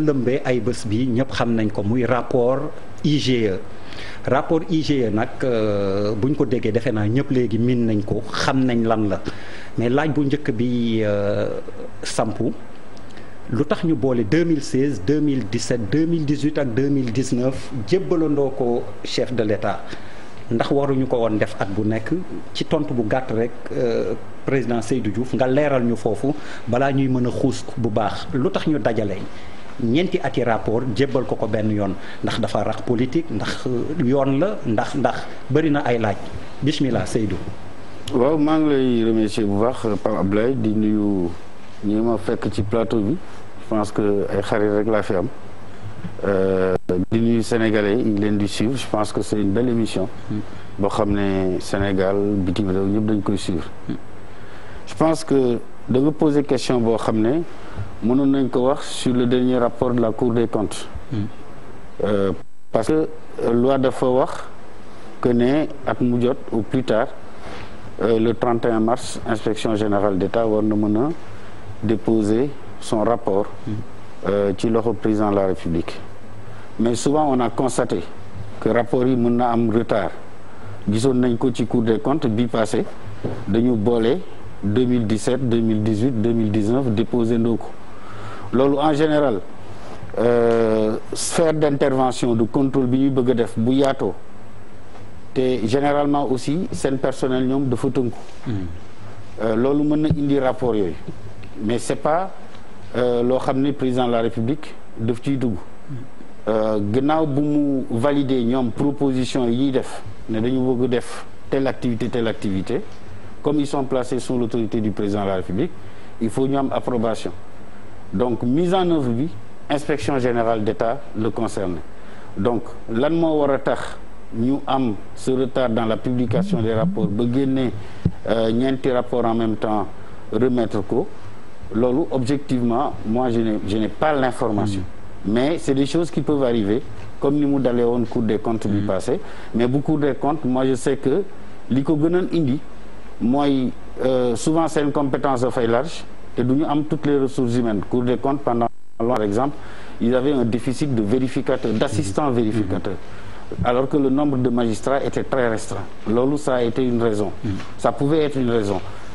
lëmbee ay bëss bi ñëpp xam nañ ko muy rapport IGE rapport IGE nak euh, buñ ko déggé défé na ñëpp légui min nañ ko xam nañ lan la mais laaj bu njëkk bi euh, sampu lutax ñu bolé 2016 2017 2018 ak 2019 jébbalandoo ko chef de l'État ndax waruñu ko won def at bu nekk ci tontu bu gatt rek euh, président Seydou Diouf nga léral ñu fofu bala ñuy mëna a bu baax lutax ñu dajale ñeenti ati rapport jébbal ko ko benn yoon ndax dafa rax politique ndax euh, yoon la ndax ndax bëri na ay laaj bismillah Seydou. waaw maa ngi lay remercier bu baax Pape Ablaye di nuyu ñi ma fekk ci plateau bi je pense que ay xarit rek laa fi am euh, di nuyu sénégalais yi leen di suivre je pense que c'est une belle émission. boo xam ne Sénégal bitim réew ñëpp dañ koy suivre. je pense que da nga poser question boo xam ne. Nous avons sur le dernier rapport de la cour des comptes hmm. euh, parce que euh, loi de wax que à at ou plus tard euh, le 31 mars l'inspection générale d'État déposer son rapport sur hmm. le président de la République mais souvent on a constaté que le rapport yi en retard gisoon nañ ko cour des comptes bi passé nous en 2017 2018 2019 déposé nos lolu en général euh, sphère d'intervention du de contrôle bi ñuy bëgg c'est def bu yato té généralement aussi seen personnel ñom dafa tënku. Hmm. Euh, loolu mën indi rapport yoy mais c'est pas le euh, lo président de la république daf ciy dugg hmm. euh, gannaaw bu mu valider ñom proposition yi def ne dañu bëgg telle activité telle activité comme ils sont placés sous l'autorité du président de la république il faut une approbation donc mise en œuvre inspection générale d'État le concerne donc l'année où war retard, nous ce retard dans la publication des rapports Nous euh, avons des rapport en même temps remettre au. Lolo objectivement moi je n'ai pas l'information mm. mais c'est des choses qui peuvent arriver comme nous mu dans le cours des comptes du mm. passé mais beaucoup de comptes moi je sais que li ko gënoon indi mooy euh, souvent une compétence faille large et nous nous toutes les ressources humaines Cour des comptes pendant longtemps par exemple ils avaient un déficit de vérificateurs d'assistants vérificateurs alors que le nombre de magistrats était très restreint L'OLU, ça a été une raison ça pouvait être une raison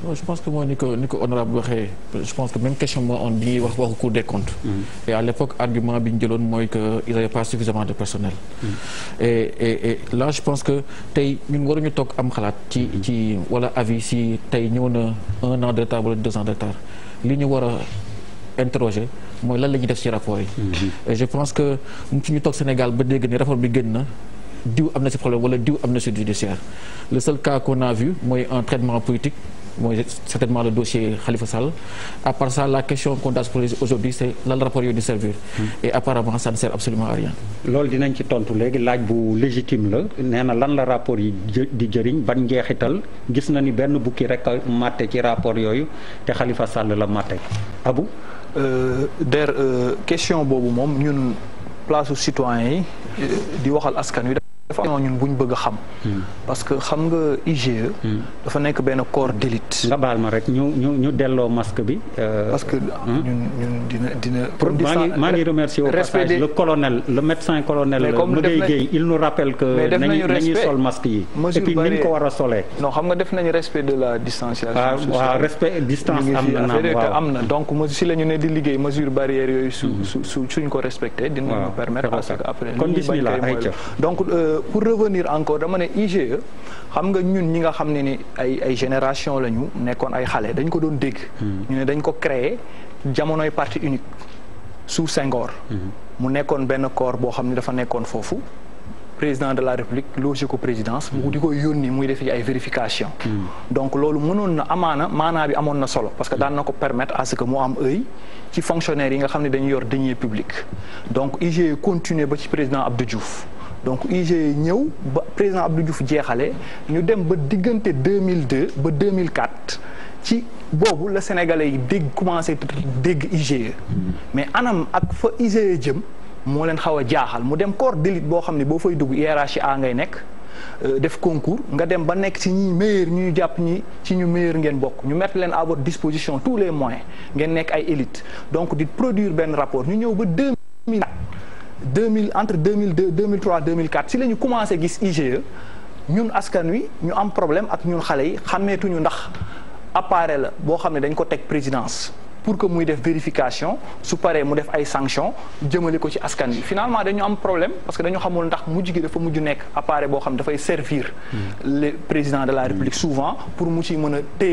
je pense que moi ni que honorable je pense que même question moi, on dit ñuy wax waxu Cour des comptes. Mm-hmm. et à l'époque argument bi ñu que il n'y avait pas suffisamment de personnel. Mm-hmm. et et et là je pense que tey ñun waruñu toog am xalaat ci mm-hmm. ci wala avis si tey ñëw na un an de retard ou deux ans de retard li ñu war a interroger mooy lan la def ci rapport et je pense que suñu toog Sénégal ba dégg ni rapport bi génn na. diw am na ci problème wala diw am ci judiciaire le seul cas qu'on a vu mooy un traitement politique moi, certainement le dossier Khalifa Sall. À part ça, la question qu'on a se aujourd'hui, c'est le rapport du servir. Hmm. Et apparemment, ça ne sert absolument à rien. loolu dinañ ci tontu léegi laaj bu légitime la n'est na lan la rapport de di jëriñ ban njeexital gis na ni benn bukki rek a màtte ci rapport de te Khalifa Sall la màtte Abou euh, der euh, question boobu nous, ñun place citoyen yi euh, di waxal askan dafa am ñun xam. Hmm. parce que xam nga IGE. Hmm. dafa nek ben corps d'élite. nga baal rek ñu ñu ñu delloo masque bi. Euh, parce que hmm? ñun ñun dina dina. mangi maa remercier au passage le colonel le médecin colonel. mais comme il nous rappelle que. nañu respect nañu sol masque yi. et puis ni ko wara solé. non xam nga def nañu respect de la distanciation. Ah, waaw respect distance am na waaw am na donc si la ñu né di liggéey mesure barrière yooyu. su suñ ko respecté. dinañu permettre parce que après. kon bismillah donc. Euh, pour revenir encore dama ne IGE xam nga ñun ñi nga xam ne ni ay ay génération la ñu nekkoon ay xale dañ ko doon dégg. Hmm. ñu ne dañ ko créer jamonoy parti unique sous Senghor. Hmm. mu nekkoon benn corps boo xam ne dafa nekkoon foofu. président de la république logique ko présidence mu hmm. di ko yónni muy def ay vérification donc loolu mënoon na amana mana bi amoon na solo parce que daan na permettre à ce que mu am œil ci fonctionnaires yi nga xam ne dañu yor deniers publics donc IGE continuer ba ci président Abdou Diouf donc IGE ñëw ba président Abdou Diouf jeexale ñu dem ba diggante 2002 ba 2004 ci boobu le sénégalais yi dégg commencé dégg IGE mais anam ak fa IGE jëm mo len xawa a jaaxal mu dem corps d'élite bo xam ne fay dugg hiérarchie A ngay nekk euh, def concours nga dem ba nekk ci ñi meilleur ñuy japp ñi ci ñu meilleur ngeen bok ñu mettre leen à votre disposition tous les moyens ngeen nekk ay élite donc dit produire ben rapport ñu ñëw ba 2004 entre 2002 2003 2004 si nous à à gis IGE nous, askan nous problème avec nous nous yi appareil la présidence pour que muy def vérification su mu def sanctions finalement, ci askan finalement problème parce que nous xamul ndax dafa servir hmm. le président de la république souvent pour mu nous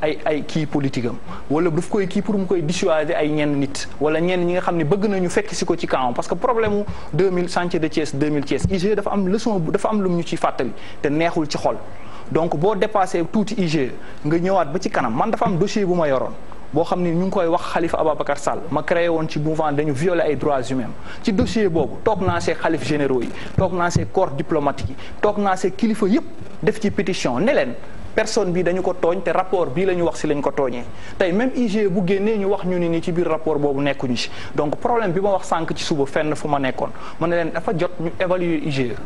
ay politique voilà wala daf pour nous koy dissuader ay ñenn nit wala ñenn nga faire bëgg nañu parce que problème 2000 chantier de Thiès 2000 Thiès IG dafa am leçon dafa am ñu ci te neexul donc pour dépasser tout IG nga ñëwaat ba ci dossier bu ma à boo xam ñu créé un mouvement dañu violer ay droits humains ci dossier Khalif corps diplomatique yi toog naa see Des def ci pétition personne bi dañu ko togn té rapport bi lañu wax ci lañ ko togné tay même IG bu génné ñu wax ñu ni ci biir rapport bobu nekkuñu ci donc problème bi ma wax sank ci suba fenn fu ma nekkoon ma ne leen dafa jot ñu évaluer IG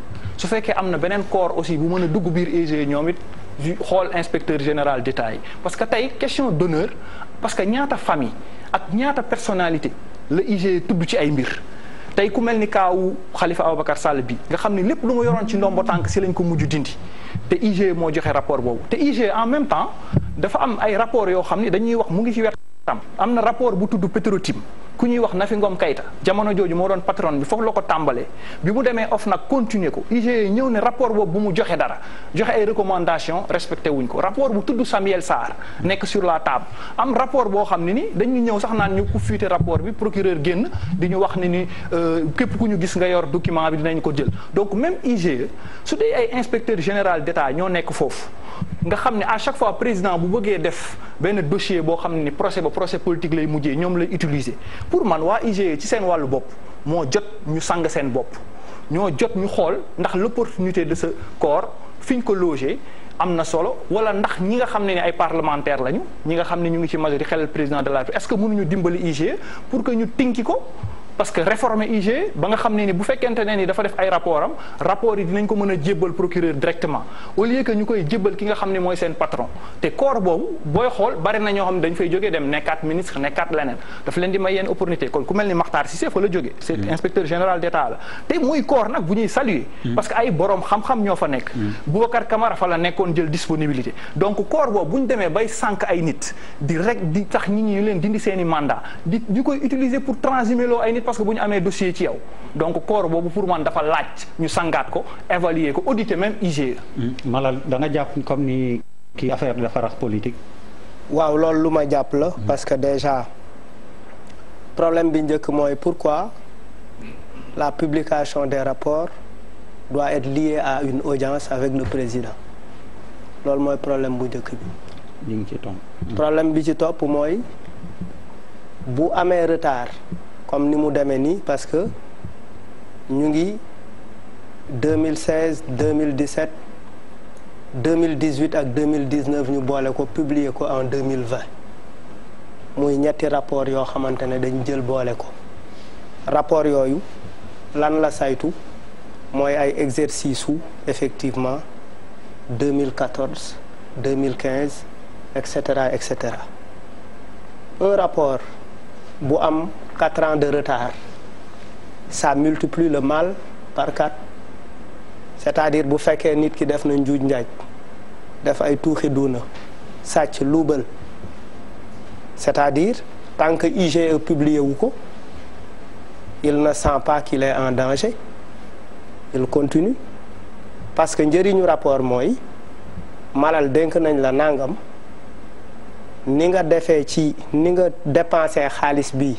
su fekkee amna benen corps aussi bu mëna dugg biir IG ñomit it inspecteur général détail parce que tay question d'honneur parce que ñaata famille ak ñaata personnalité le IG tuddu ci ay mbir tay ku melni kaw khalifa abou bakkar Sall bi nga xamni lepp lu mu yoron ci ndombo tank ci lañ ko muju dindi te IG moo joxe rapport boobu te IG en même temps dafa am ay rapport yoo xam ni dañuy wax mu ci wet tam am na rapport bu tudd petro ku ñuy wax Nafi ngoom kayta jamono jooju moo doon patron bi foofu la ko tàmbalee bi mu demee OFNAC continuer ko IGE ñëw ne rapport boobu bu mu joxee dara joxe ay recommandation respecté wuñ ko rapport bu tudd Samuel Sarr nekk sur la table am rapport boo xam ne ni dañuy ñëw sax naan ñu ku fuité rapport bi procureur génn di ñu wax ne ni euh, képp ku ñu gis nga yor document bi dinañ ko jël donc même IGE su dee ay inspecteur général d'État ñoo nekk foofu nga xam ne à chaque fois président bu bëggé def benn dossier bo xam procès ba procès politique lay mujjé ñom lay utiliser pour man wa IGE ci seen walu bop mo jot ñu sang seen bop ñoo jot ñu xol ndax l'opportunité de ce corps fiñ ko logé amna solo wala ndax ñi nga xam ay parlementaires lañu ñi nga xam ñu ngi ci majorité xel président de la République est-ce que mënu ñu dimbali IGE pour que ñu tinki ko parce que réformer IG ba nga xam ne ni bu fekkente ne ni dafa def ay rapport am rapport yi dinañ ko a jébbal ñu koy jébbal ki nga xam ne mooy seen patron te corps boobu booy xool bari ñoo xam ne dañ fay jógee dem nekkaat ministre nekkaat leneen dafa leen di may yenn opportunité kon ku mel ni Makhtar Cissé fa la jógee c'est mm. inspecteur général d'État la te muy corps nag bu ñuy saluer mm. parce que ay borom xam-xam ñoo fa nekk mm. Boubacar Camara fa la nekkoon jël disponibilité donc corps boobu bu ñu demee bay sànq ay nit di rek di tax nit ñi leen seen i parce que vous avez des dossier ci yow donc corps bobu pour man dafa lacc ñu sangat ko évaluer ko auditer même IG. Malal da nga japp comme ni ki affaire dafa rax politique. waaw lool luma que la. Hmm. parce que déjà problème bi njëkk moy pourquoi la publication des rapports doit être liée à une audience avec le président C'est un problème bu njëkk bi. ci problème bi ci top moy bu amé retard comme ni mu parce que nous ngi 2016 2017 2018 et 2019 nous avons publié en 2020 Nous avons rapport rapports rapports ne ont jël boole ko rapport yoyu, lan la saytu mooy ay exercice effectivement 2014 2015 etc. etc. un rapport 4 ans de retard, ça multiplie le mal par 4. C'est-à-dire bu si nit ki def na un njaaj def ay tuuxi duuna sàcc luubal c'est-à-dire tant que est publié il ne sent pas qu'il est en danger il continue parce que njëriñu rapport mooy malal denk nañ la nangam ni nga défé ci ni nga dépensé xaliss bi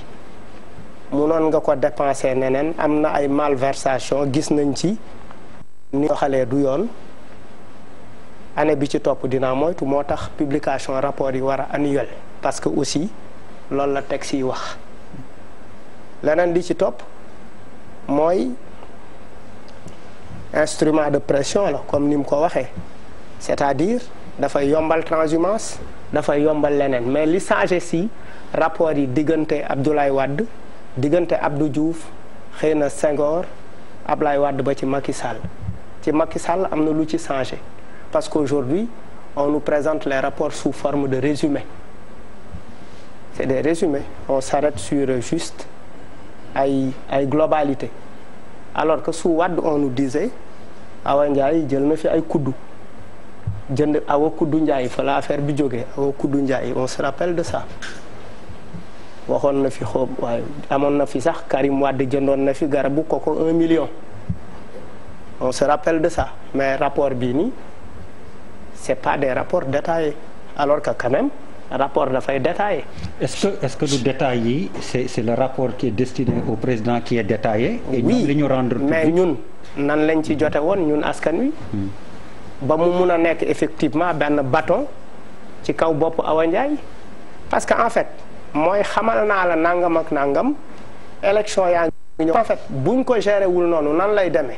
munoon nga ko dépenser nenen amna ay malversation gis nañ ci ni xalé du yoon année bi ci top dina moytu motax publication rapport yi wara annuel parce que aussi lool la texte yi wax leneen di ci top moy instrument de pression la comme nim ko waxé c'est-à-dire fay yombal transhumance fay yombal lenen mais li changé si rapport yi diggante Abdoulaye Wade diggante Abdou Diouf xëy Senghor Ablaye Wad ba ci Macky Sall ci Macky Sall lu ci changé parce qu'aujourd'hui on nous présente les rapports sous forme de résumé c'est des résumés on s'arrête sur juste ay ay globalité alors que sous Wad on nous disait Awa Ndiaye jël na fi ay kuddu jënd Awa Kuddu il fa la affaire bi Kuddu on se rappelle de ça on se rappelle de ça mais rapport Bini, ce c'est pas des rapports détaillés alors que quand même rapport fay détaillé. est-ce que est-ce que le c'est le rapport qui est destiné au président qui est détaillé. et nous mais ñun nan lañ ci hmm. effectivement ben bâton ci kaw bop parce que fait moy xamal na la nangam ak nangam élection ya ngi ñëw en fait buñ ko géré wul nonu nan lay démé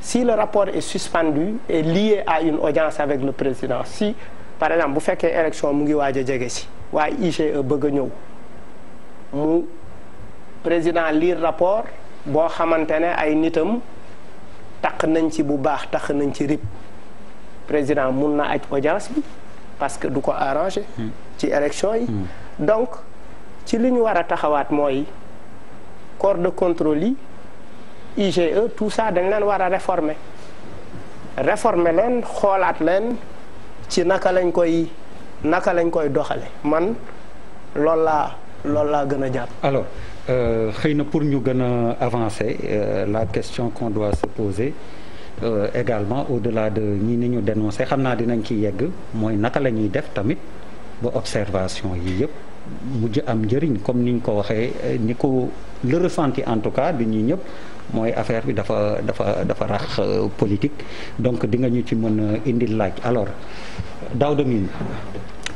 si le rapport est suspendu et lié à une audience avec le président si par exemple bu féké élection mu ngi waaj djégé ci si waaye IGE bëgg ñëw mu président lire rapport bo xamante ay nitam tak nañ ci bu baax tak nañ ci rip président mën na aj audience bi parce que du ko arranger hmm. ci élection yi hmm. donc ci liñu wara war taxawaat mooy corps de contrôle yi IGE tout ça dañ leen wara réformer réformer leen xoolaat leen ci naka lañ koy naka lañ koy doxale man lola, laa loolu laa gën a jàpp. alors euh, xëy euh, na pour ñu gën a avancer euh, la question qu'on doit se poser euh, également au-delà de ñi ni ñu dénoncé xam naa dinañ ci yegg mooy naka la ñuy def tamit ba observation yi yëpp. mu am njëriñ comme niñ ko waxé eh, ni ko le ressenti en tout cas bi ñi ñëpp moy affaire bi dafa dafa dafa rax euh, politique donc di nga ñu ci mëna indi laaj alors daw de Mine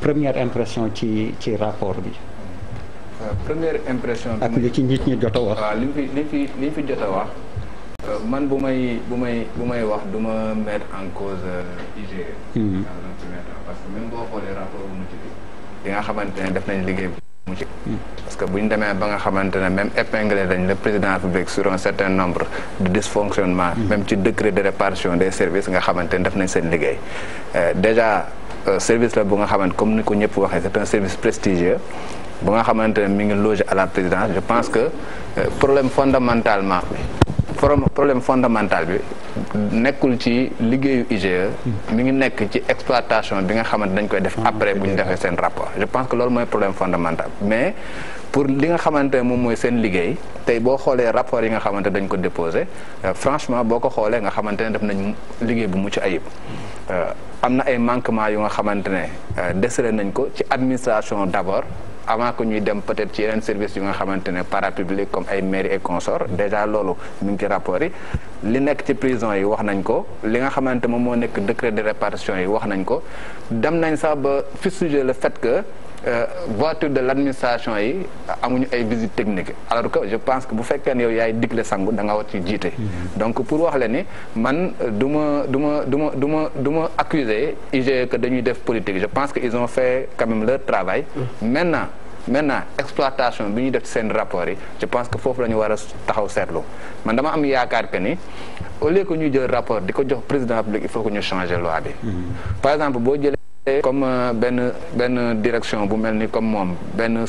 première impression ci ci rapport bi. Euh, première impression. ak li ci nit ñi jotta wax. waaw li fi li fi li fi jotta wax. Euh, man bu may bu may bu may wax duma mettre en cause IGE. Mhm. parce que même bo xolé rapport bu mu ci nga xamante def nañ mu ci parce que si ñu demee ba nga même épinglé le président de la République sur un certain nombre de dysfonctionnements mm. même ci décret de répartition des services nga xamante ne def nañ seen liggéey euh, déjà euh, service la bu nga comme ni ko ñëpp c'est un service prestigieux bu nga a ne mi ngi logé à la présidence je pense que euh, problème fondamentalement problème fondamental bi nekkul ci liggéeyu IGE mi ngi nekk ci exploitation bi nga xamante dañ koy def ah, après bu ñu defee seen rapport je pense que loolu mooy problème fondamental mais pour li nga xamante ne moom mooy seen liggéey tey boo xoolee rapport yi nga xamante dañ ko déposé euh, franchement boo ko xoolee nga xamante ne def nañ liggéey bu mucc ayib euh, am na ay manquement yu nga xamante ne euh, desale nañ ko ci administration d'abord avant que ñuy dem peut-être ci yeneen service yi nga xamante ne parapublic comme ay mairie et consort déjà loolu mu ngi ci rapport yi li nekk ci prison yi wax nañ ko li nga xamante moom moo nekk décret de réparation yi wax nañ ko dem nañ sax ba fi sujet le fait que Euh, voiture de l'administration a yi amuñu ay visite technique alors que je pense que bu fekkene yow yaay que sangu da nga war ci mhm. donc pour wax la man duma duma duma duma du accuser IGE que dañuy def politique je pense qu'ils ont fait quand même leur travail. Mhm. maintenant maintenant exploitation biñu def sen rapport yi je pense que faut que nous taxaw seetlu man dama am yaakaar au lieu que ñu jël rapport diko jox président public il faut que ñu changer loi bi. Mhm. par exemple bo comme ben ben direction bu melni comme moom ben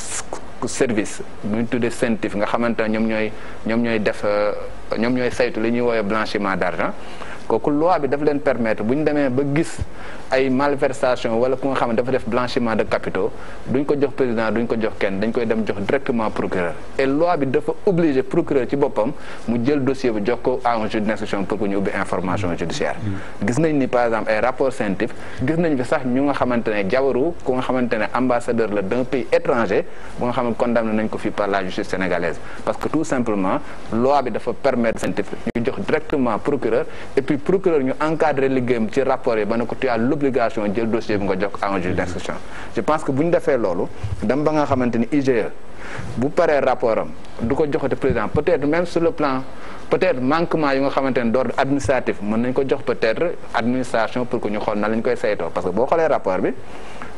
service bu ñu centif nga xamantani ñom ñoy ñom ñoy def euh, ñom ñoy saytu li ñuy woowee blanchiment d'argent kooku loi bi daf leen permettre buñ démé ba gis ay malversation wala ko nga dafa def blanchiment de capitaux duñ ko jox président duñ ko jox kenn dañ koy dem jox directement procureur et loi bi dafa obligé procureur ci bopam mu jël dossier bi jox ko à un juge d'instruction pour ñu ubbi information judiciaire gis nañ ni par exemple ay rapport scientifique gis nañ fi sax ñu nga xamantene ne ko ku nga xamante ambassadeur la d'un pays étranger bu nga xam condamné nañ ko fi par la justice sénégalaise parce que tout simplement loi bi dafa permettre scientifique ñu jox directement procureur et puis procureur ñu encadrer liggéeyam ci rapport yi ba ne ko tu as l'obligation jël dossier bi nga jox à un juge d'instruction je pense que bu ñu defee loolu dem ba nga xamante ni IGE bu paree rapport am du ko président peut-être même sur le plan peut-être manquement yi nga xamante d'ordre administratif mën nañ ko jox peut-être administration pour que ñu xool na lañ koy saytoo parce que boo xoolee rapport bi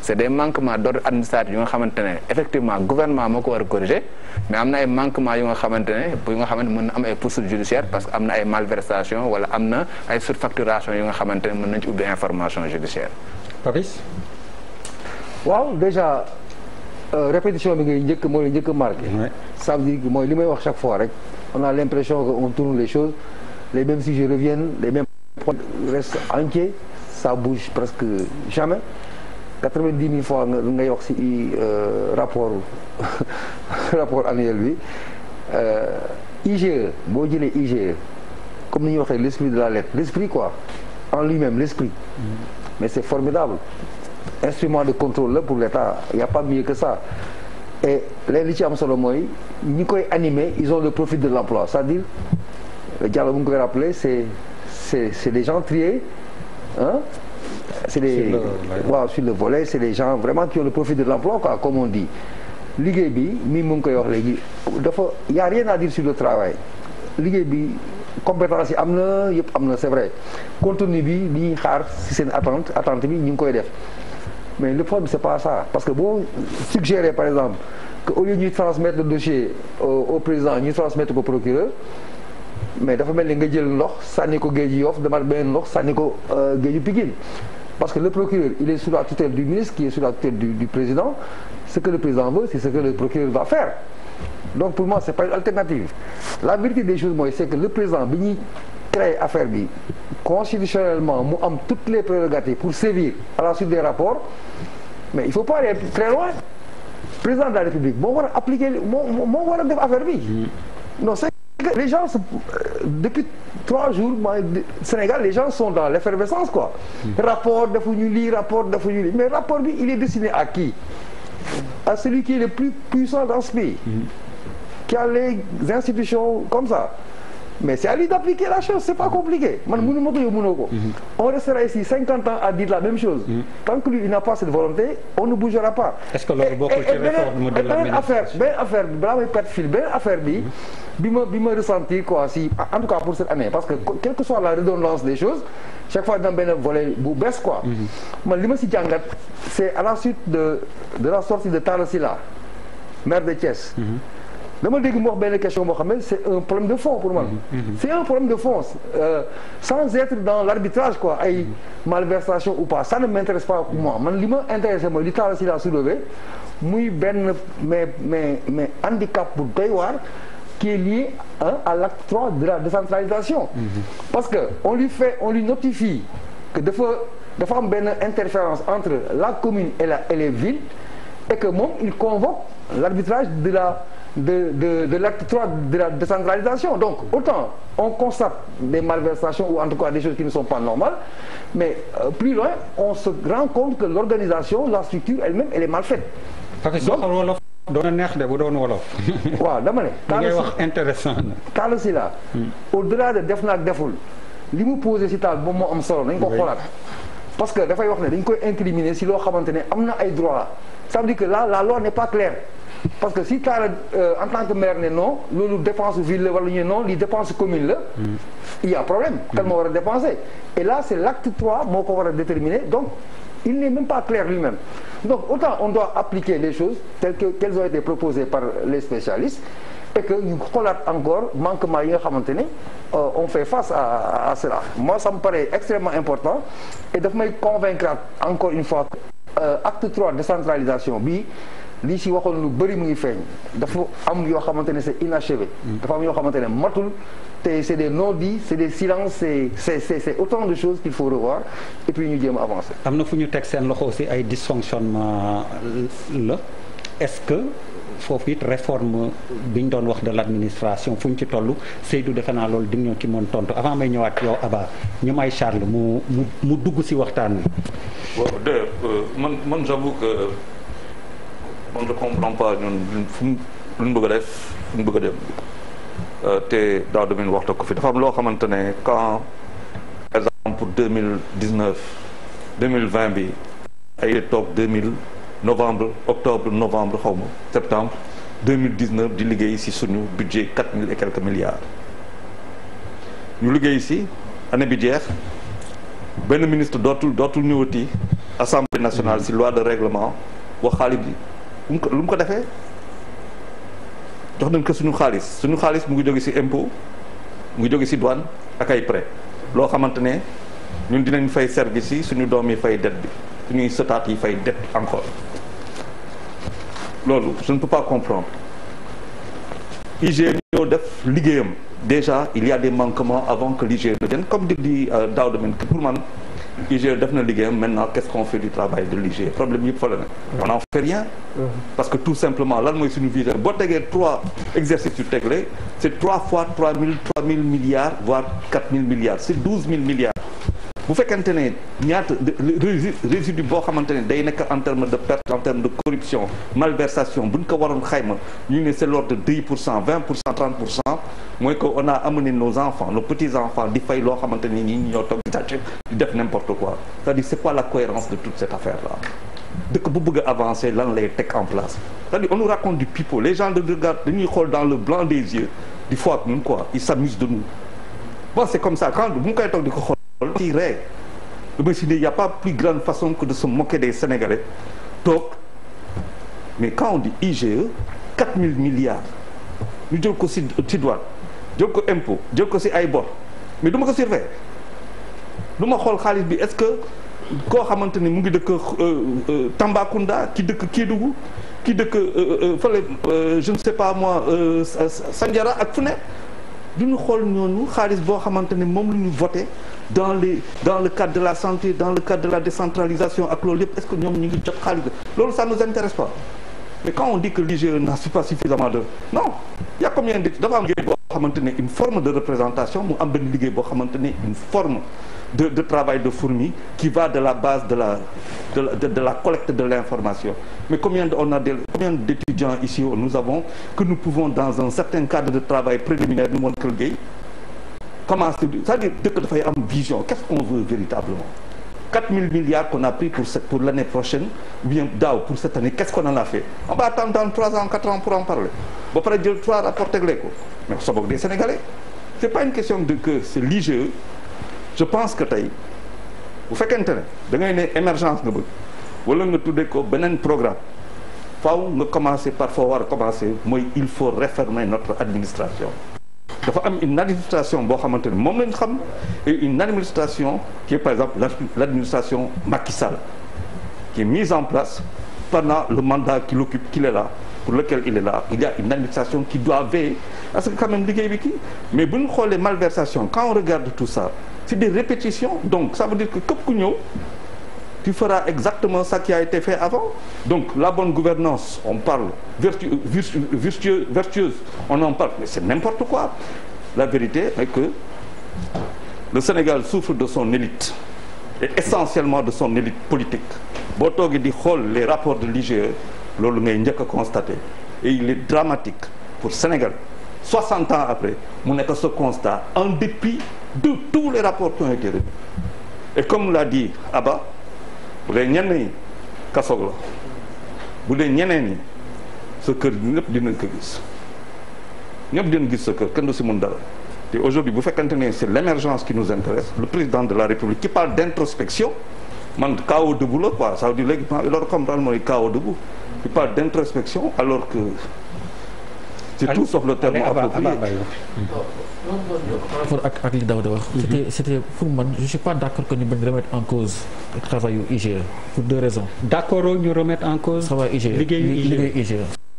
c'est des manquements d'ordre administratif le nga gouvernement a corriger mais y a des manquements qui nga xamante ne judiciaires parce qu'il y a des malversations ou des surfacturations ay surfacturation yu nga judiciaire Papis déjà euh, répétition bi ngay a mooy marque. ça veut dire que moi, chaque fois on a l'impression qu'on tourne les choses les mêmes je reviennent les mêmes points restent entiers ça ne bouge presque jamais 90 000 fois nga ci euh, rapport rapport annuel bi euh, IGE boo les IGE comme nous avons l'esprit de la lettre l'esprit quoi en lui-même l'esprit mm-hmm. mais c'est formidable instrument de contrôle pour l'État il n'y a pas mieux que ça et les li ci am solo ils ont le profit de l'emploi c'est-à-dire le dialogue vous rappeler c'est c'est des gens triés hein c'est les, voix sur le volet c'est les gens vraiment qui ont le profit de l'emploi comme on dit il bi a rien à dire sur le travail liggéey bi compétence c'est vrai contenu bi li attente attente bi mais le problème ce n'est pas ça parce que vous suggérez par exemple qu'au lieu de transmettre le dossier euh, au président de transmettre au procureur mais dafa dossier, ça n'est jël ndox de le géeju Yoff le beneen ça n'est pas le parce que le procureur, il est sous la tutelle du ministre, qui est sous la tutelle du, président. Ce que le président veut, c'est ce que le procureur va faire. Donc pour moi, ce n'est pas une alternative. La vérité des choses, moi, c'est que le président Bini crée affaire constitutionnellement, toutes les prérogatives pour sévir à la suite des rapports. Mais il ne faut pas aller très loin. président de la République, moi on a appliquer moi affaire mm-hmm. Non, les gens, euh, depuis trois jours, au Sénégal, les gens sont dans l'effervescence, quoi. Mm. Rapport de Nulli, rapport de fondus-lire. Mais rapport, lui, il est destiné à qui À celui qui est le plus puissant dans ce pays, mm. qui a les institutions comme ça mais c'est à lui d'appliquer la chose, c'est pas compliqué. Mhm. On restera ici 50 ans à dire la même chose. Mhm. Tant que lui, n'a pas cette volonté, on ne bougera pas. Est-ce que l'on beaucoup réforme de la affaire, ben affaire, ben affaire, ben en tout cas pour cette année, parce que quelle que soit la redondance des choses, chaque fois dans un volet, vous baisse quoi. c'est à la suite de, la sortie de Talasila, maire de Thiès. Mais dégg dis que question un problème de fond pour moi. Mhm. Mhm. c'est un problème de fond euh, sans être dans l'arbitrage, quoi mhm. malversation ou pas ça ne m'intéresse pas pour moi Ce qui m'intéresse, intéressé l'état soulevé ben, mais mais handicap pour qui est lié hein, à l'acte 3 de la décentralisation. parce qu'on lui fait on lui notifie que de de une interférence entre la commune et la et les villes et que même il convoque l'arbitrage de la de, de, l'acte 3 de la décentralisation. Donc, autant on constate des malversations ou en tout cas des choses qui ne sont pas normales, mais euh, plus loin, on se rend compte que l'organisation, la structure elle-même, elle est mal faite. Donc, doon neex de la doon c'est intéressant car le hmm. au-delà de def Defoul, deful li pose posé c'est taal bon am parce que dafay wax ne dañ incriminer si l'on a un droit ça veut dire que là la loi n'est pas claire parce que si tu as euh, en tant que maire non nous défense ville la le non dépense commune mm. il y a problème Tellement on va dépenser et là c'est l'acte 3 qu'on va déterminer donc il n'est même pas clair lui-même donc autant on doit appliquer les choses telles qu'elles ont été proposées par les spécialistes et que nous collat encore manque yi à maintenir euh, on fait face à cela moi ça me paraît extrêmement important et de me convaincre encore une fois euh, acte 3 décentralisation bi li ci waxon lu bari muy ngi dafa am yo xamante c'est inachevé mm. dafa am yo xamante matul té c'est des non-dits c'est des silences c'est c'est c'est autant de choses qu'il faut revoir et puis ñu devons avancer amna fuñu tek un loxo ci ay dysfonctionnement euh, le est-ce que nous, réforme nous, de l'administration nous, nous tollu Seydou nous, ci tontu avant may ñëwaat yow Charles mu mu dugg waxtaan euh, man j'avoue que on ne comprends pas ñun bëgg euh, quand par exemple pour 2019 2020 bi ay novembre octobre novembre septembre 2019 délégué ici sur nous budget 4 et quelques milliards nous liggéey ici, année ébidier, le ministre tout nous assemblée nationale loi de règlement wax bi lu ko Donc jox sommes ko suñu avez suñu mu ngi impôt nous ngi service dette dette encore je ne peux pas comprendre IGE def déjà il y a des manquements avant que l'IGE ne vienne comme dit di euh, pour man l'IGM, e def na maintenant qu'est-ce qu'on fait du travail de l'IGE problème on n'en fait rien parce que tout simplement lan nous suñu vision bo trois exercices sur tegle c'est trois fois 3000, 3000 milliards voire 4000 milliards c'est 12000 000 milliards bu fekkente ne ñaata résidu du xamante ne day nekk en terme de perte en terme de corruption malversation buñ ko waroon xayma ñu ne c'est l'ordre de 10 20 30 Moi, que on a amené nos enfants nos petits enfants di fay loo xamante ñi ñoo toog di def n'importe quoi c'est-à-dire c'est quoi la cohérence de toute cette affaire là dëkk bu bëgg pouvez avancer lan lay teg en place c'est-à-dire on nous raconte du pipeau les gens de regard dañuy xool dans le blanc des yeux di fois quoi ils s'amusent de nous bon c'est comme ça quand bu mu koy toog di ko il n'y a pas plus grande façon que de se moquer des Sénégalais. Donc, mais quand on dit IGE, 4 000 milliards, nous disons que c'est douane, nous que impôt, nous que c'est aïbor. Mais nous ne surveille. Nous ne est-ce que koo xamante ni mu ngi dëkk qui euh, euh, ki dëkk Kédougou ki dëkk euh, fële je ne sais pas moi Sandiara ak nous xool nous xaalis boo xamante ne lu voté dans les dans le cadre de la santé dans le cadre de la décentralisation ak est-ce que nous avons ngi jot xaalis ne ça nous intéresse pas mais quand on dit que l'IGE n'a pas suffisamment de non il y a combien de dafa am liggéey boo a une forme de représentation mu am benn liggéey une forme de, travail de fourmi qui va de la base de la, de, la collecte de l'information. Mais combien, on a d'étudiants ici nous avons que nous pouvons, dans un certain cadre de travail préliminaire, nous montrer le Comment C'est-à-dire que avons une vision. Qu'est-ce qu'on veut véritablement 4 000 milliards qu'on a pris pour, pour l'année prochaine, ou bien pour cette année, qu'est-ce qu'on en a fait On va attendre dans 3 ans, 4 ans pour en parler. Bon, après, dire 3 rapporter l'écho. Mais on s'en Sénégalais. Ce n'est pas une question de que c'est l'IGE je pense que vous bu fekkente ne da ngay une émergence nga bëgg wala nga ko un programme faaw nga commencer par le war commencer il faut refermer notre administration. Il faut une administration une administration qui est par exemple l'administration Macky Sall qui est mise en place pendant le mandat qu'il occupe qu'il est là pour lequel il est là il y a une administration qui doit veiller à ce que quand même mais bon quand on regarde tout ça c'est des répétitions. Donc, ça veut dire que tu feras exactement ça qui a été fait avant. Donc, la bonne gouvernance, on parle vertueuse, on en parle, mais c'est n'importe quoi. La vérité est que le Sénégal souffre de son élite, et essentiellement de son élite politique. dit les rapports de l'IGE l'on ngay n'y a constater et il est dramatique pour le Sénégal 60 ans après n'est que ce constat en dépit de tous les rapports qui ont été réunis. et comme l'a dit Abba vous dee ñenn vous kasoog ce que dee ñeneen nous avons gis ñëpp dinañ aujourd'hui vous faites ne c'est l'émergence qui nous intéresse le président de la République qui parle d'introspection man chaos debout quoi ça veut dire l'équipement, alors comme debout Il parle d'introspection alors que c'est tout sauf le terme approprié. Pour c'était suis pas d'accord que nous devions remettre en cause le travail du IGE pour deux raisons d'accord nous remettre en cause travail e. IGE IGE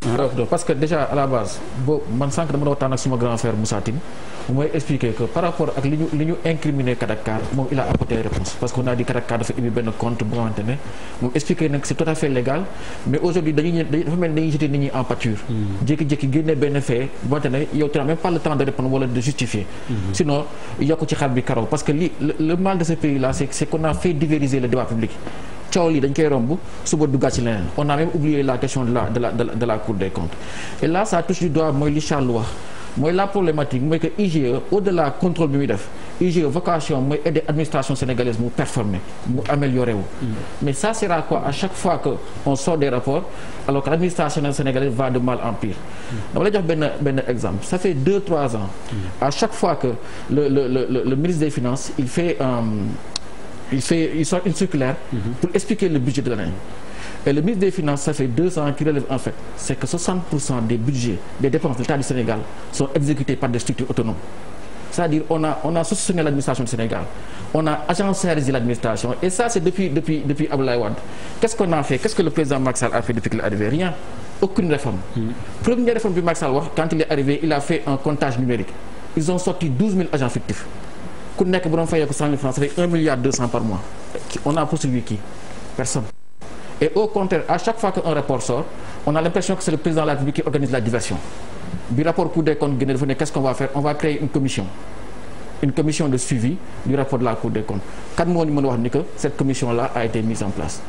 ah. parce que déjà à la base je man sànq dama doon waxtaan faire un grand frère Moussatine moi expliquer que par rapport à l'union incriminée li Kadakar il a apporté réponse parce qu'on a dit Kadakar fait une bonne compte bon nga xamante expliquer expliqué que c'est tout à fait légal mais aujourd'hui il y a des gens qui en pâture Dès hmm. que génne benn fait bu nga xamante yow même pas le temps de répondre ou de justifier hmm. sinon il a ci xar bi karaw parce que li le mal de ce pays là c'est qu'on a fait divériser le droit public on a même oublié la question de la de la de la Cour des comptes et là ça touche du doigt moi li Charles moi, la problématique moi que IGE au-delà contrôle du def IGE vocation moi aider administration sénégalaise à performer pour améliorer mm. mais ça sert à quoi à chaque fois que sort des rapports alors que l'administration sénégalaise va de mal en pire. Je vais vous donner un exemple ça fait 2-3 ans. Mm. à chaque fois que le ministre des finances il fait euh, il fait il sort une circulaire. Mm-hmm. pour expliquer le budget de l'année. Et le ministre des Finances, ça fait deux ans qu'il relève en fait, c'est que 60% des budgets, des dépenses de l'État du Sénégal sont exécutés par des structures autonomes. C'est-à-dire on a, on a l'administration du Sénégal, on a agencé l'administration, et ça c'est depuis, depuis, depuis Qu'est-ce qu'on a fait Qu'est-ce que le président Maxal a fait depuis qu'il est arrivé Rien. Aucune réforme. Hmm. Première réforme du Maxal, quand il est arrivé, il a fait un comptage numérique. Ils ont sorti 12 000 agents fictifs. Quand on a 100 francs 1 milliard 200 par mois on a poursuivi qui personne et au contraire, à chaque fois qu'un rapport sort, on a l'impression que c'est le président de la République qui organise la diversion. Du rapport Cour des comptes qu'est-ce qu'on va faire On va créer une commission. Une commission de suivi du rapport de la Cour des comptes. Quand moi, je que cette commission-là a été mise en place.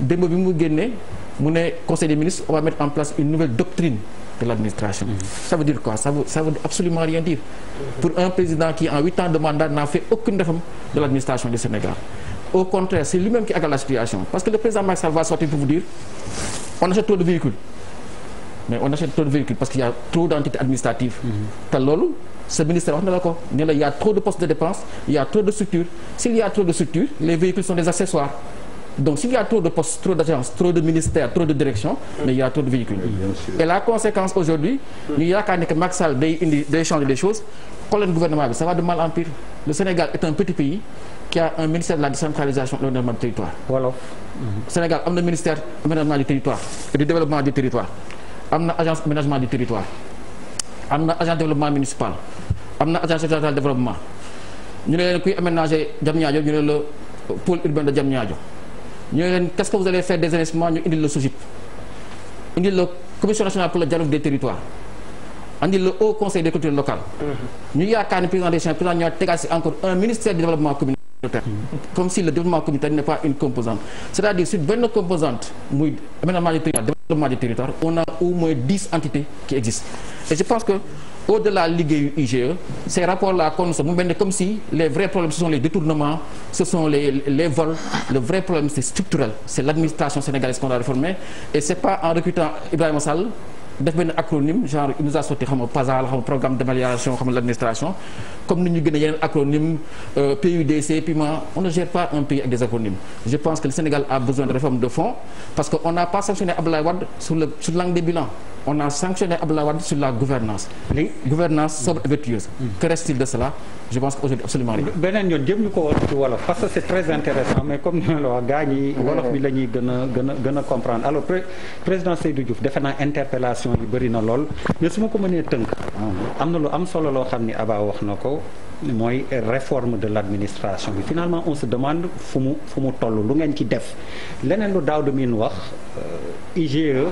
Dès que le conseil des ministres, on va mettre en place une nouvelle doctrine de l'administration. Mmh. Ça veut dire quoi ça veut, veut absolument rien dire. Pour un président qui, en 8 ans de mandat, n'a fait aucune réforme de l'administration du Sénégal. Au contraire, c'est lui-même qui aggrave la situation. Parce que le président Maxal va sortir pour vous dire on achète trop de véhicules. Mais on achète trop de véhicules parce qu'il y a trop d'entités administratives. Mhm. ce ministère on est d'accord. il y a trop de postes de dépenses, il y a trop de structures s'il y a trop de structures les véhicules sont des accessoires. Donc s'il y a trop de postes, trop d'agences, trop de ministères, trop de directions, mais il y a trop de véhicules. Et la conséquence aujourd'hui, il n'y a que Maxal d'échanger des choses le gouvernement ça va de mal en pire le Sénégal est un petit pays qui a un ministère de la décentralisation de du territoire. voilà. Sénégal a un ministère aménagement du territoire et du développement du territoire a une agence l'aménagement du territoire a une agence développement municipal a une agence de développement nous avons aménagé kuy aménager avons ñu pôle urbain de Diamniadio qu'est-ce que vous allez faire des investissements ñu le la nous avons la commission nationale pour le dialogue des territoires. On dit le haut conseil des cultures locales. n'y a qu'un président des champs président encore un ministère du développement communautaire. Mm-hmm. comme si le développement communautaire n'est pas une composante. c'est-à-dire sur 20 composantes, maintenant le développement du territoire on a au moins 10 entités qui existent et je pense que. au-delà Ligue IGE ces rapports là comme si les vrais problèmes ce sont les détournements ce sont les vols le vrai problème c'est structurel c'est l'administration sénégalaise qu'on a réformée et ce n'est pas en recrutant Ibrahim Sall def ben acronyme genre il nous a sorti comme nga PASAL le programme d'amélioration xam l'administration comme nous, nous gën acronyme euh, PUDC PIMA on ne gère pas un pays avec des acronymes je pense que le Sénégal a besoin de réforme de fond parce que on n'a pas sanctionné Abdoulaye Wade sur le sur l'angle des bilans on a sanctionné Abdoulaye Wade sur la gouvernance les gouvernance sobre et vertueuse mm. que reste-t-il de cela je pense qu'aujourd'hui, absolument rien Benen yoon jëm ñuko ko ci wolof parce que c'est très intéressant mais comme nous la wax gars ñi wolof bi lañuy gëna gëna gëna comprendre alors président Seydou Diouf defe interpellation question yi bëri na lool mais ce ma ko mënee tënk am lu am solo loo xam ni Aba wax na ko mooy réforme de l'administration bi finalement on se demande fu mu fu mu toll lu ngeen ci def leneen lu daaw de miin wax euh, IGE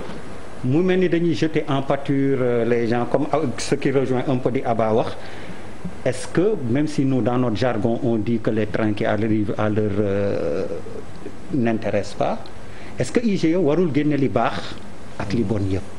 mu mel ni dañuy jeter en pâture euh, les gens comme euh, ce qui rejoint un peu di Aba wax est-ce que même si nous dans notre jargon on dit que les trains qui arrivent à l'heure euh, n'intéressent pas est-ce que IGE warul génne li baax ak li bon yëpp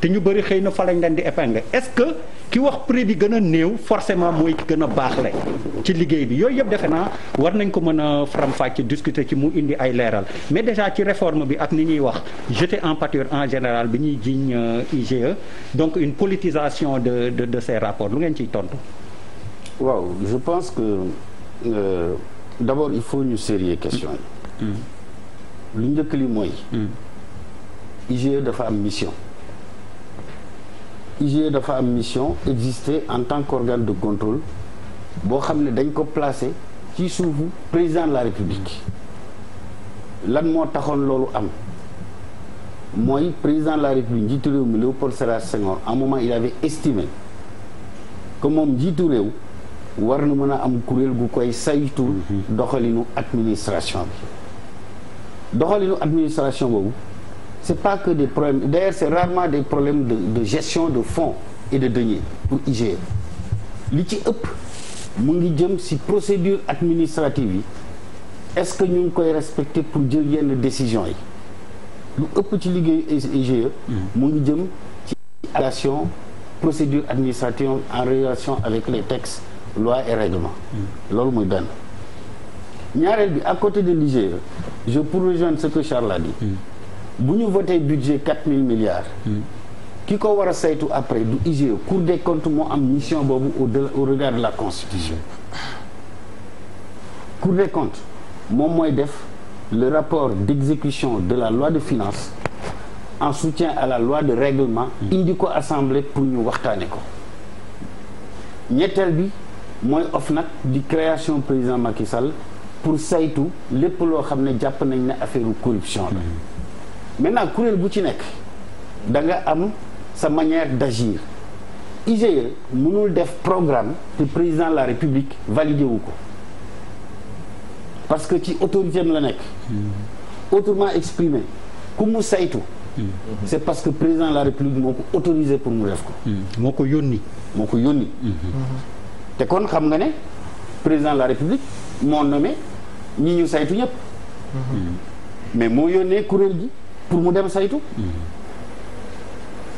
té ñu bari xeyna fa lañ leen di épingler est-ce que ki wax prix bi gën a forcément moy ki gëna a baax ci liggéey bi yoy yëp defe naa war nañ ko mëna fram fa ci discuter ci mu indi ay léral mais déjà ci réforme bi ak ni ñuy wax jeter en pâture en général bi ñuy jiiñ euh, IGE donc une politisation de de de ces rapports lu ngeen ci tontu. waaw je pense que euh, d'abord il faut ñu sérieux question yi. Mm. lu njëkk li mooy. Mm. IGE dafa am mission. IGE dafa am mission exister en tant qu'organe de contrôle Bon, xam ne dañ ko placer ci vous président de la république lan moo taxoon loolu am Moi, président de la république dit réew mi Léopold Sédar Senghor à un moment il avait estimé que moom njiitu réew war na mën a am kuréel gu koy saytu mhm. doxalinu administration bi doxalinu administration vous c'est pas que des problèmes. D'ailleurs, c'est rarement des problèmes de, gestion de fonds et de deniers pour IGE. li ci ëpp si procédure administrative est-ce que nous pouvons respecter pour dire une décision yi lu L'IGE, ci IGE. Mm-hmm. mu jëm procédure administrative en relation avec les textes lois et règlements. ce que je veux à côté de l'IGE je pourrais rejoindre ce que Charles a dit. Mm-hmm nous voter voté budget 4 000 milliards. qui va ça a saytu après du IGE Cour des comptes mission au regard de la constitution. Cour des comptes def le rapport d'exécution de la loi de finances en soutien à la loi de règlement. indique assemblée pour nous voir ko. ñetteel bi mooy OFNAC di création président Macky Sall pour saytu les tout les polos nañ affaire corruption maintenant kuréel bu ci sa manière d'agir IGE mënul def programme du président de la république validé wu parce que ci autorité nek hmm. autrement exprimé ça et tout? c'est parce que le président de la république m'a autorisé pour nous def ko yoni, ko yoni. moo ko hmm. kon président de la république m'on nommé ñi ñu saytu hmm. mais je suis... kuréel gi pour mu dem saytu.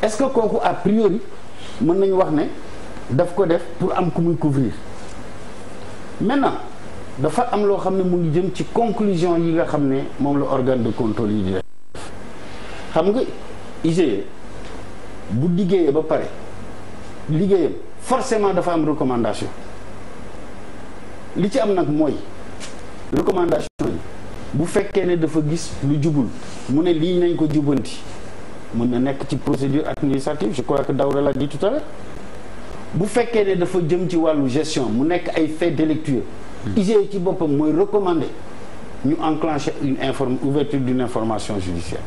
est-ce que kooku a priori mën nañ wax né daf ko def pour am ku couvrir maintenant dafa am lo xamné ne mu ngi jëm ci conclusion yi nga xamné mom moom organe de contrôle yi def xam nga IGE bu liggéeyee ba paré liggéeyam forcément dafa am recommandation li ci am nak moy recommandation yi bu fekkee de dafa gis lu jubul mu ne nañ ko djubanti mën na ci procédure administrative je crois que Daouda l'a dit tout à l'heure bu fekkee ne dafa jëm ci walu gestion mu nek ay faits délictueux hmm. IGE ci boppam moi, recommander ñu enclencher une informe ouverture d'une information judiciaire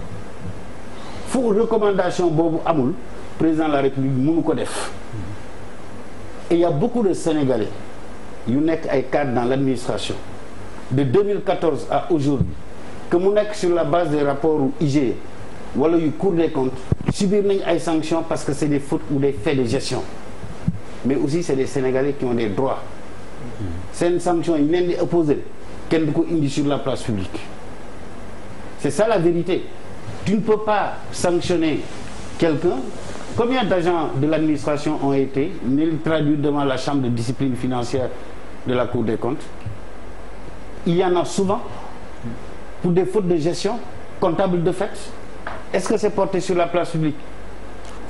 fu recommandation bobu amul président de la république mënu ko def et il y a beaucoup de sénégalais yu sont ay cadres dans l'administration de 2014 à aujourd'hui que mon sur la base des rapports ou IG alors yu cour des comptes subir une sanctions parce que c'est des fautes ou des faits de gestion mais aussi c'est des Sénégalais qui ont des droits C'est une sanction, leen di opposé de sur la place publique c'est ça la vérité tu ne peux pas sanctionner quelqu'un combien d'agents de l'administration ont été traduits devant la chambre de discipline financière de la cour des comptes il y en a souvent pour des fautes de gestion comptable de fait Est-ce que c'est porté sur la place publique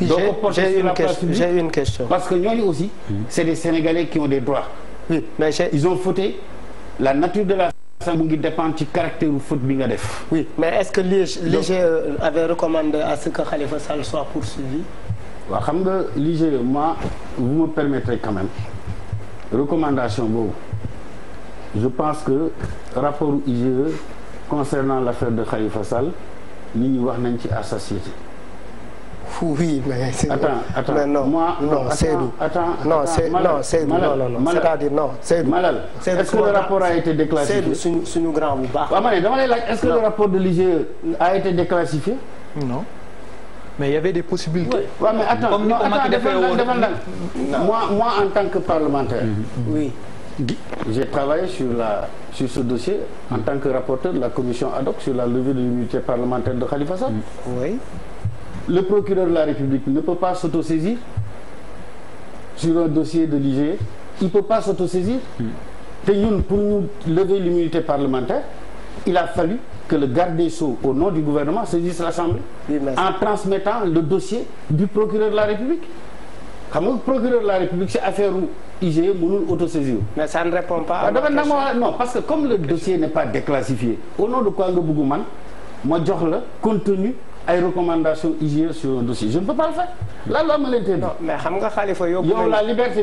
J'ai une, question. Parce que nous aussi, c'est des Sénégalais qui ont des droits. Ils ont fauté. La nature de la dépend du caractère ou faute bingadef. Oui, mais est-ce que l'IGE euh, avait recommandé à ce que Khalifa Sall soit poursuivi L'IGE, moi, vous me permettrez quand même. Recommandation, bon. Je pense que rapport IGE concernant l'affaire de Khalifa Sall nous avons wax nañ ci associé. oui mais c'est attends, attends. non moi, non non c'est non non non c'est-à-dire non c'est est-ce que le rapport a été déclassifié C'est nous, grave grand est-ce que le rapport de l'IGE a été déclassifié non mais il y avait des possibilités ouais, attends moi moi en tant que parlementaire mm-hmm. oui j'ai travaillé sur la sur ce dossier en mm. tant que rapporteur de la commission ad hoc sur la levée de l'immunité parlementaire de Khalifa Sall. Mm. Oui. Le procureur de la République ne peut pas s'autosaisir sur un dossier de l'IGE. Il ne peut pas s'autosaisir. Mm. Pour nous lever l'immunité parlementaire, il a fallu que le garde des Sceaux, au nom du gouvernement, saisisse l'Assemblée en transmettant le dossier du procureur de la République. Comment le procureur de la République, c'est affaire où mais ça ne répond pas. à ah, ah, non parce que comme le dossier n'est pas déclassifié au nom de quoi le bougouman moi contenu ay recommandations IG sur un dossier je ne peux pas le faire. la loi mais la liberté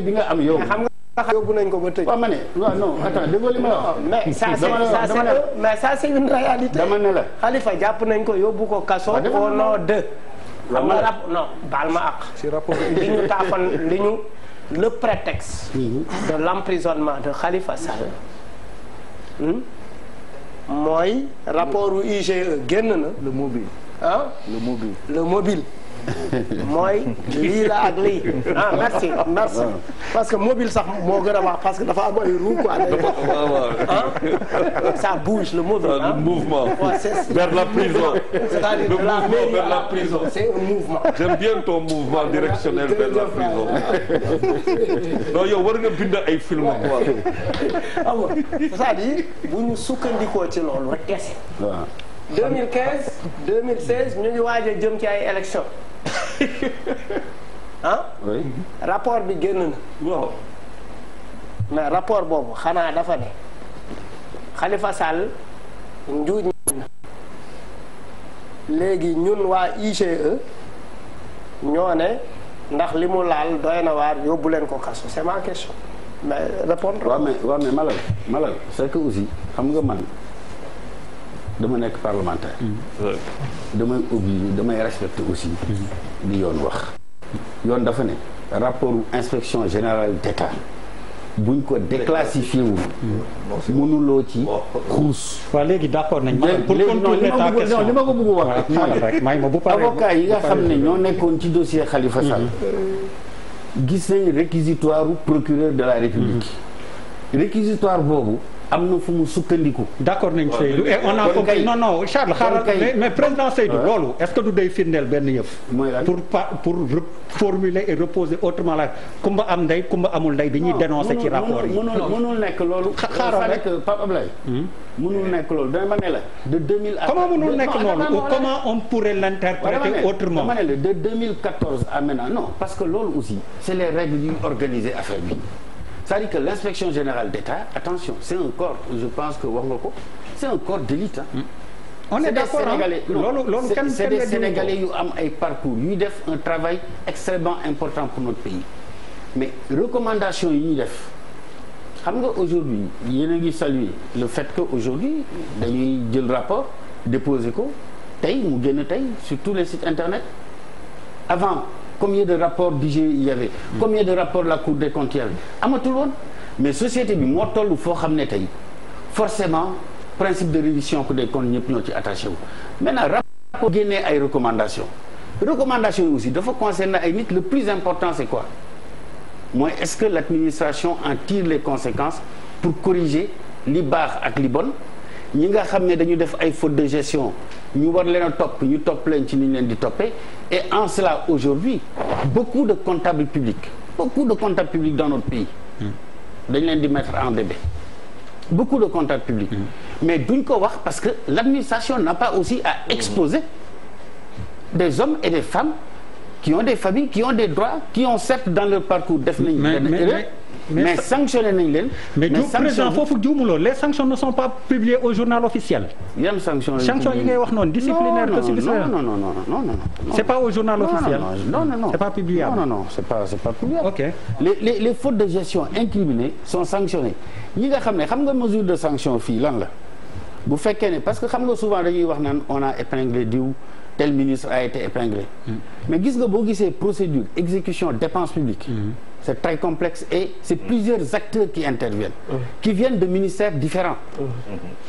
mais ça c'est une réalité. de le prétexte de l'emprisonnement de Khalifa Sall hmm, moi rapport au IGE hein? le mobile le mobile le mobile moi, Lila suis ah merci merci ah. parce que mobile ça me parce que dafa am ay roue quoi ah, ah. ça bouge le mobile le mouvement vers la prison cest le mouvement vers la prison c'est un mouvement j'aime bien ton mouvement directionnel vers la prison non yo, war nga un film quoi Alors, c'est-à-dire vous nous souvenez ci 2015 2016 nous avons eu jëm ah. rapport bi génn na. waaw. mais rapport boobu xanaa dafa ne xalifa Sall njuuj na léegi ñun waa IGE ñoo ne ndax li mu laal doy na waar yóbbu leen ko kaso c'est ma question mais répondre waaw mais waaw mais malal malal c'est que aussi xam nga man dama parlementaire. demain aussi. y rapport inspection générale d'État buñ déclassifié d'accord avocat dossier Khalifa mm-hmm. réquisitoire procureur de la République. Mm-hmm. réquisitoire vous am na fu d'accord nañ Seydou et on a compris non non Charles xaaral mais mais président Seydou lolou est-ce que du day findel ben yeuf pour pour reformuler et reposer autrement la kumba am nday kumba amul nday bi ñuy dénoncer ci rapport yi. mënul mënul nek lolou xaaral rek pap ablay hmm? mënul nek lolou dama ne la. de 2000 comment mënul nek loolu comment on pourrait l'interpréter autrement. dama ne de 2014 à maintenant non parce que lolou aussi c'est les règles d'organiser affaire bi cest à que l'inspection générale d'État, attention, c'est un corps, je pense que Wangoko, c'est un corps d'élite. Hein. On est, d'accord. C'est des hein. Sénégalais qui ont un un travail extrêmement important pour notre pays. Mais recommandation UDEF, aujourd'hui, il y a salué le fait qu'aujourd'hui, il y a le rapport déposé sur tous les sites internet. Avant, combien de rapports d'IG il y avait hmm. combien de rapports la Cour des comptes y avait mon tour, mais société bi mortelle ou il faut forcément principe de révision des comptes n'est plus attaché maintenant rapport génnee ay recommandations recommandations aussi, aussi faut concerner le plus important c'est quoi est-ce que l'administration en tire les conséquences pour corriger les barres à les bonnes nous nga de gestion Nous top, et en cela aujourd'hui beaucoup de comptables publics beaucoup de comptables publics dans notre pays dañ leen en beaucoup de comptables publics mm. mais duñ ko parce que l'administration n'a pas aussi à exposer des hommes et des femmes qui ont des familles qui ont des droits qui ont certes dans leur parcours def mais sanctionner nañ leen. mais président les sanctions ne sont pas publiées au journal officiel. Les sanctions yi ngay wax noonu disciplinaire que disciplinaire non non non non non c'est pas au journal officiel non non non c'est pas publié. non non non c'est pas c'est pas publié. ok les les fautes de gestion incriminées sont sanctionnées Il y a des xam nga de sanction fii lan la bu parce que xam souvent on a épinglé du tel ministre a été épinglé. Mm. Mais qu'est-ce que vous procédure, exécution, dépenses publiques mm-hmm c'est très complexe et c'est plusieurs acteurs qui interviennent, qui viennent de ministères différents. Mmh.